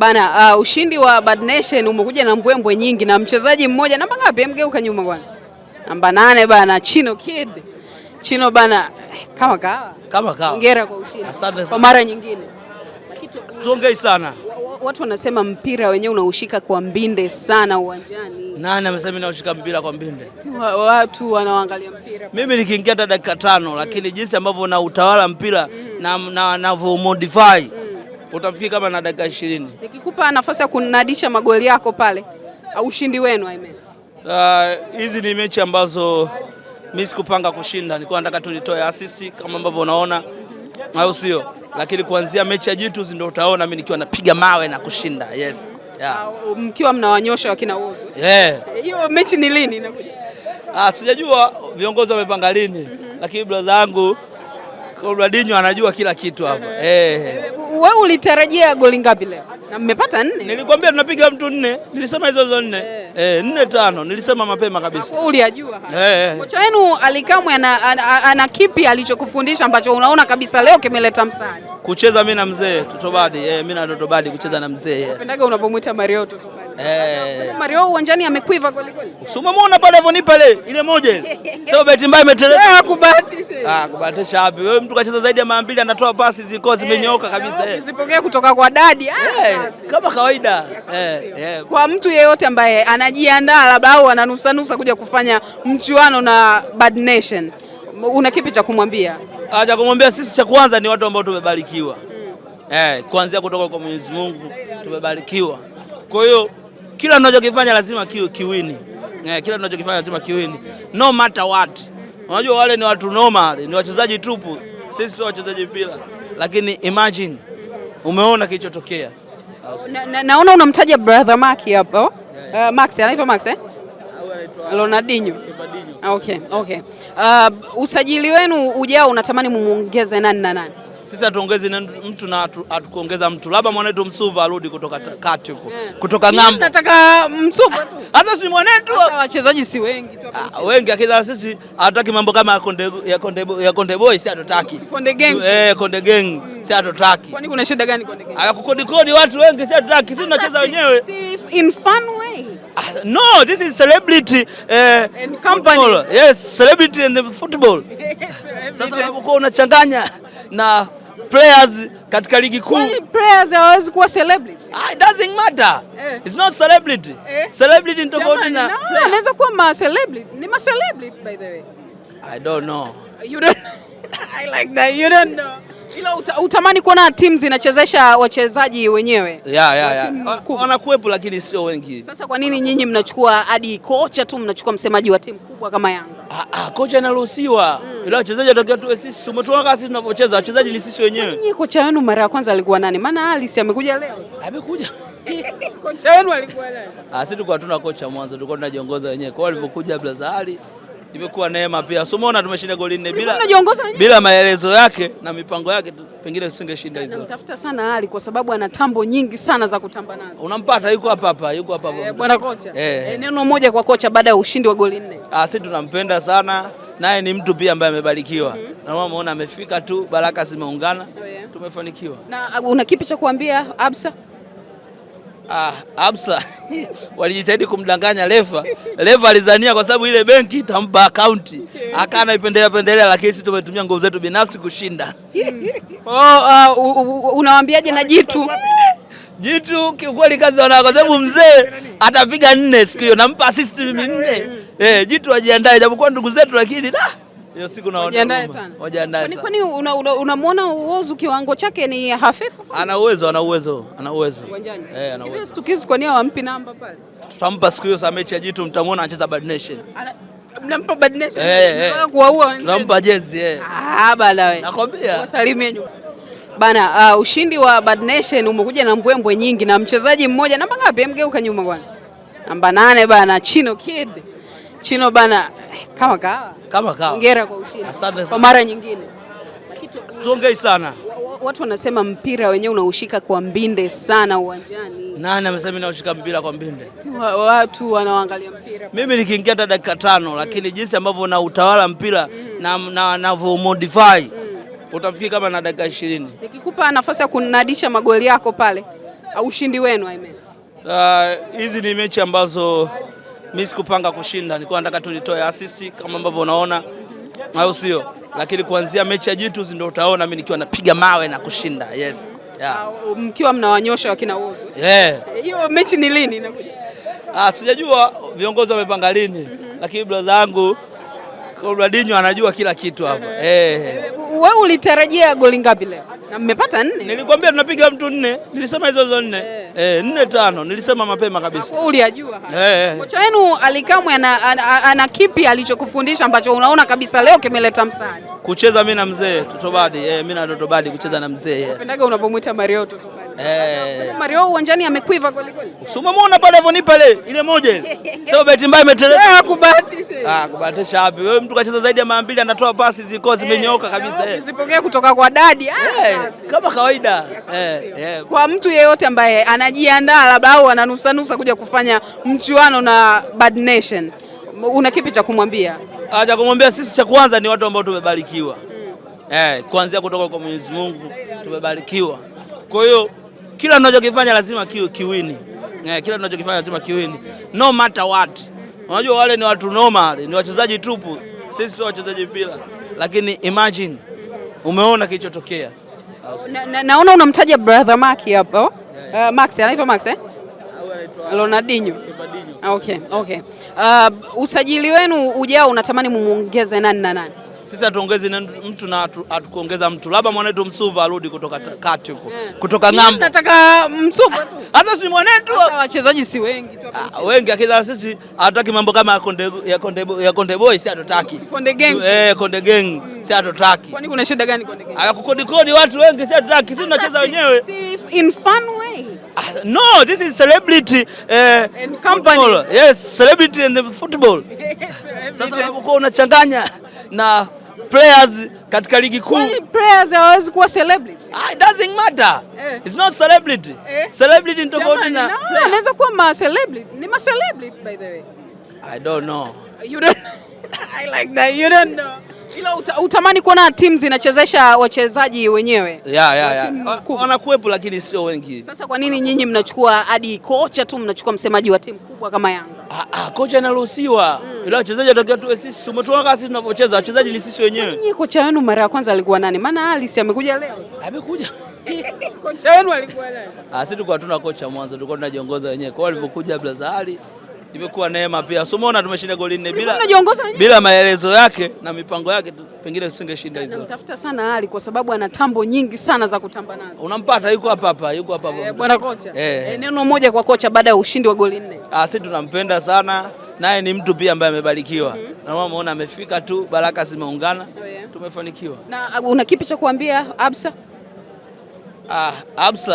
Bana, uh, ushindi wa Bad Nation umekuja na mbwembwe nyingi na mchezaji mmoja namba ngapi? Mgeuka nyuma bwana, Namba nane bana, Chino Kid. Chino bana kama kawa. Kama kawa. Hongera kwa ushindi. Asante. Kwa mara nyingine. Tongei sana. Watu wanasema mpira wenyewe unaushika kwa mbinde sana uwanjani. Nani amesema ninaushika mpira kwa mbinde? Si watu wanaoangalia mpira. Mimi nikiingia hata dakika tano, lakini jinsi ambavyo na utawala mpira na na modify utafikiri kama na dakika ishirini. Nikikupa nafasi ya kunadisha magoli yako pale au ushindi wenu I mean. Uh, hizi uh, ni mechi ambazo mimi sikupanga kushinda, nilikuwa nataka tu nitoe assist kama ambavyo unaona au sio? Lakini kuanzia mechi ya Jitu ndio utaona mimi nikiwa napiga mawe na kushinda. Yes. Yeah. Uh, mkiwa mnawanyosha wakina Uzo. Eh. Hiyo mechi ni lini inakuja? Ah, sijajua viongozi wamepanga lini, mm -hmm. Lakini brother yangu Ronaldinho anajua kila kitu hapa. Eh. eh wewe ulitarajia goli ngapi leo? Na mmepata nne. Nilikwambia tunapiga mtu nne, nilisema hizo hizo nne. Eh. Eh, nne tano nilisema mapema kabisa. Uliyajua haya. Eh, eh. Kocha wenu Ally Kamwe ana, ana, ana kipi alichokufundisha ambacho unaona kabisa leo kimeleta msani? Kucheza mimi na mzee Totobadi. Eh, mimi na Totobadi kucheza na mzee. Eh. Unapendaga unavyomuita Mario Totobadi. Mario uwanjani amekuiva kweli kweli. Usimwona pale alivyonipa ile ile moja ile. Sio bahati mbaya imeteleza. Kubahatisha. Ah, kubahatisha wapi? Wewe mtu kacheza zaidi ya mara mbili anatoa pasi ziko zimenyooka kabisa. Zipokea kutoka kwa dadi. Ah, kama kawaida. Kwa mtu yeyote ambaye wanajiandaa labda au wananusanusa kuja kufanya mchuano na Bad Nation, una kipi cha kumwambia? Ah, cha kumwambia sisi, cha kwanza ni watu ambao tumebarikiwa mm. Eh, kuanzia kutoka kwa Mwenyezi Mungu tumebarikiwa, kwa hiyo kila tunachokifanya lazima kiwe kiwini eh, kila tunachokifanya lazima kiwini no matter what. Unajua wale ni watu normal, ni wachezaji tupu, sisi sio wachezaji mpira, lakini imagine umeona kilichotokea. Na, na, naona unamtaja brother Mark hapo Uh, Max anaitwa Max eh? Ronaldinho. Ah, okay, okay. Uh, usajili wenu ujao unatamani mumwongeze nani na nani? sisi hatuongezi mtu na hatukuongeza mtu, labda mwanetu Msuva arudi kutoka mm. kati huko yeah. kutoka ng'ambo. Nataka Msuva tu hata si mwanetu, wachezaji si wengi tu hapo, ah, wengi akiza sisi hatutaki mambo kama ya Konde ya Konde ya Konde boy, si hatutaki Konde gang eh, Konde gang mm. si hatutaki. Kwani kuna shida gani Konde gang? Akukodi kodi watu wengi, si hatutaki sisi, tunacheza wenyewe in fun way ah, no this is celebrity eh, and company football. yes celebrity and the football sasa unakuwa unachanganya na players katika ligi kuu. Players hawezi kuwa celebrity. Ah, it doesn't matter. Eh. It's not celebrity. Eh. Celebrity ni tofauti na no, Anaweza kuwa ma celebrity. Ni ma celebrity by the way. I don't know. You don't I like that. You don't know. Ila uta, utamani kuona timu zinachezesha wachezaji wenyewe ya, ya, ya. Wanakuwepo lakini sio wengi. Sasa kwa nini nyinyi mnachukua hadi kocha tu mnachukua msemaji wa timu kubwa kama Yanga? Ah, ah, kocha inaruhusiwa mm. Ila wachezaji watakiwa tu sisi. Umetuona kama sisi tunavyocheza, wachezaji ni sisi wenyewe. Nyinyi kocha wenu mara ya kwanza alikuwa nani? Maana Alice amekuja leo. Amekuja. Kocha wenu alikuwa nani? Ah, sisi tulikuwa tuna kocha mwanzo, tulikuwa tunajiongoza wenyewe. Kwa hiyo alipokuja Blazali imekuwa neema pia. So umeona tumeshinda goli nne bila, bila maelezo yake na mipango yake pengine tusingeshinda hizo. Namtafuta sana Ali kwa sababu ana tambo nyingi sana za kutamba nazo. Unampata, yuko hapa hapa, yuko hapa hapa. Eh, bwana kocha. Eh, eh. eh, neno moja kwa kocha baada ya ushindi wa goli nne. Ah, sisi tunampenda sana naye ni mtu pia ambaye amebarikiwa mm -hmm. Na umeona amefika tu, baraka zimeungana, oh yeah. Tumefanikiwa. Na una kipi cha kuambia Absa? Ah, Absa walijitahidi kumdanganya Leva. Leva alizania kwa sababu ile benki itampa akaunti akana ipendelea pendelea, lakini sisi tumetumia nguvu zetu binafsi kushinda. Oh, uh, unawaambiaje na Jitu? Jitu kiukweli kazi wana kwa sababu mzee atapiga nne siku hiyo, nampa assist mimi nne. Eh, Jitu ajiandae japokuwa ndugu zetu lakini da hiyo siku na sana. unamwona uozu kiwango chake ni hafifu. Ana uwezo, ana uwezo, ana uwezo. Eh, ana uwezo. Stukizi kwa nini wampi namba pale? Tutampa siku hiyo saa mechi ya jitu mtamwona anacheza Bad Nation. Mnampa Bad Nation. Eh, eh. kuwaua. Tutampa jezi eh. Ah, bala wewe. Nakwambia. Wasalimie Bana, uh, ushindi wa Bad Nation umekuja na mbwembwe nyingi na mchezaji mmoja namba ngapi? Mgeuka nyuma bwana, Namba nane bana, Chino Kid. Chino bana kama kawa. Kama kawa. Hongera kwa ushindi. Asante. Kwa mara nyingine. Tuongei sana. Watu wanasema mpira wenyewe unaushika kwa mbinde sana uwanjani. Nani amesema ninaushika mpira kwa mbinde? Si watu wanaoangalia mpira. Mimi nikiingia hata dakika tano, lakini jinsi ambavyo na utawala mpira na na navyo modify mm. utafikiri kama na dakika 20. Nikikupa nafasi ya kunadisha magoli yako pale au ushindi wenu I mean. Uh, hizi ni mechi ambazo mimi sikupanga kushinda, nilikuwa nataka tu nitoe assist kama ambavyo unaona, au sio? Lakini kuanzia mechi ya Jitu ndio utaona mimi nikiwa napiga mawe na kushinda. Yes. Yeah. Uh, mkiwa mnawanyosha wakina Uzu. Eh. Hiyo mechi ni lini inakuja? Ah, sijajua viongozi wamepanga lini. Mm -hmm. Lakini brother yangu Ronaldinho anajua kila kitu hapa. Uh -huh. Eh. Wewe eh. eh, ulitarajia goli ngapi leo? Na mmepata nne? Nilikwambia tunapiga mtu nne. Nilisema hizo hizo nne. Yeah. Eh, nne tano nilisema mapema kabisa. Uliyajua haya. Eh, eh. Kocha wenu Ally Kamwe ana, ana, ana kipi alichokufundisha ambacho unaona kabisa leo kimeleta msaada? Kucheza mimi na mzee Totobadi. Eh, mimi na Totobadi kucheza na mzee. Eh. Unapendaga unapomwita Mario Totobadi. Eh. Mario uwanjani amekuiva goli goli. Si umemwona pale alivyonipa ile ile moja ile. Sio bahati mbaya imeteleza. Ah, eh, kubahatisha. Ah, kubahatisha wapi? Wewe mtu kacheza zaidi ya mara mbili anatoa pasi ziko zimenyooka eh, kabisa. Zipokee kutoka kwa dadi. Ah, kama kawaida. Eh. Kwa mtu yeyote ambaye anajiandaa labda au ananusanusa kuja kufanya mchuano na Bad Nation. Una kipi cha kumwambia? Ah, cha kumwambia sisi cha kwanza ni watu ambao tumebarikiwa. Hmm. Eh, kuanzia kutoka kwa Mwenyezi Mungu tumebarikiwa. Kwa hiyo kila unachokifanya lazima ki, kiwini eh, kila tunachokifanya lazima kiwini no matter what. Unajua wale ni watu normal, ni wachezaji tupu, sisi sio wachezaji mpira, lakini imagine umeona kilichotokea. Naona na, na unamtaja brother Mark hapo yeah. Uh, Max anaitwa Max eh? Ronaldinho. Okay, okay. Uh, usajili wenu ujao unatamani mumuongeze nani na nani? sisi hatuongezi mtu na hatukuongeza mtu, labda mwanetu Msuva arudi kutoka mm. kati huko yeah. kutoka ng'ambo, nataka Msuva tu hata si mwanetu, wachezaji si wengi tu hapo, ah, wengi akiza, sisi hataki mambo kama ya Konde ya Konde ya Konde boy, si hatutaki Konde gang eh, Konde gang mm. si hatutaki. Kwani kuna shida gani Konde gang? Akukodi kodi watu wengi, si hatutaki sisi, tunacheza wenyewe in fun way ah, no this is celebrity eh, and company yes celebrity and the football sasa unachanganya na players katika ligi kuu. Players hawezi kuwa celebrity. Ah, it doesn't matter. Eh. It's not celebrity. Eh. Celebrity ni tofauti na no, Anaweza kuwa ma celebrity. Ni ma celebrity by the way. I don't know. You don't I like that. You don't know. Kila uta, utamani kuona timu zinachezesha wachezaji wenyewe. Yeah, yeah, yeah. Wanakuwepo lakini sio wengi. Sasa kwa nini nyinyi mnachukua hadi kocha tu mnachukua msemaji wa timu kubwa kama Yanga? Ah, ah, kocha anaruhusiwa mm. Ila wachezaji watakiwa tuwe sisi, umetoka kasi tunavyocheza, wachezaji ni sisi wenyewe. Nyinyi kocha wenu mara ya kwanza alikuwa nani? Maana Alice amekuja leo, amekuja kocha wenu alikuwa nani? Ah, sisi tulikuwa hatuna kocha mwanzo, tulikuwa tunajiongoza wenyewe. Kwa hiyo alivyokuja Abdulazari imekuwa neema pia. So umeona tumeshinda goli nne bila, bila maelezo yake na mipango yake pengine tusingeshinda hizo. Namtafuta sana Ali kwa sababu ana tambo nyingi sana za kutamba nazo. Unampata, yuko hapa hapa, yuko hapa hapa. Eh, bwana kocha. Eh, eh. eh, neno moja kwa kocha baada ya ushindi wa goli nne. Ah, sisi tunampenda sana naye ni mtu pia ambaye amebarikiwa mm -hmm. Na amefika tu, baraka zimeungana oh, yeah. Tumefanikiwa. Na una kipi cha kuambia Absa? Ah, Absa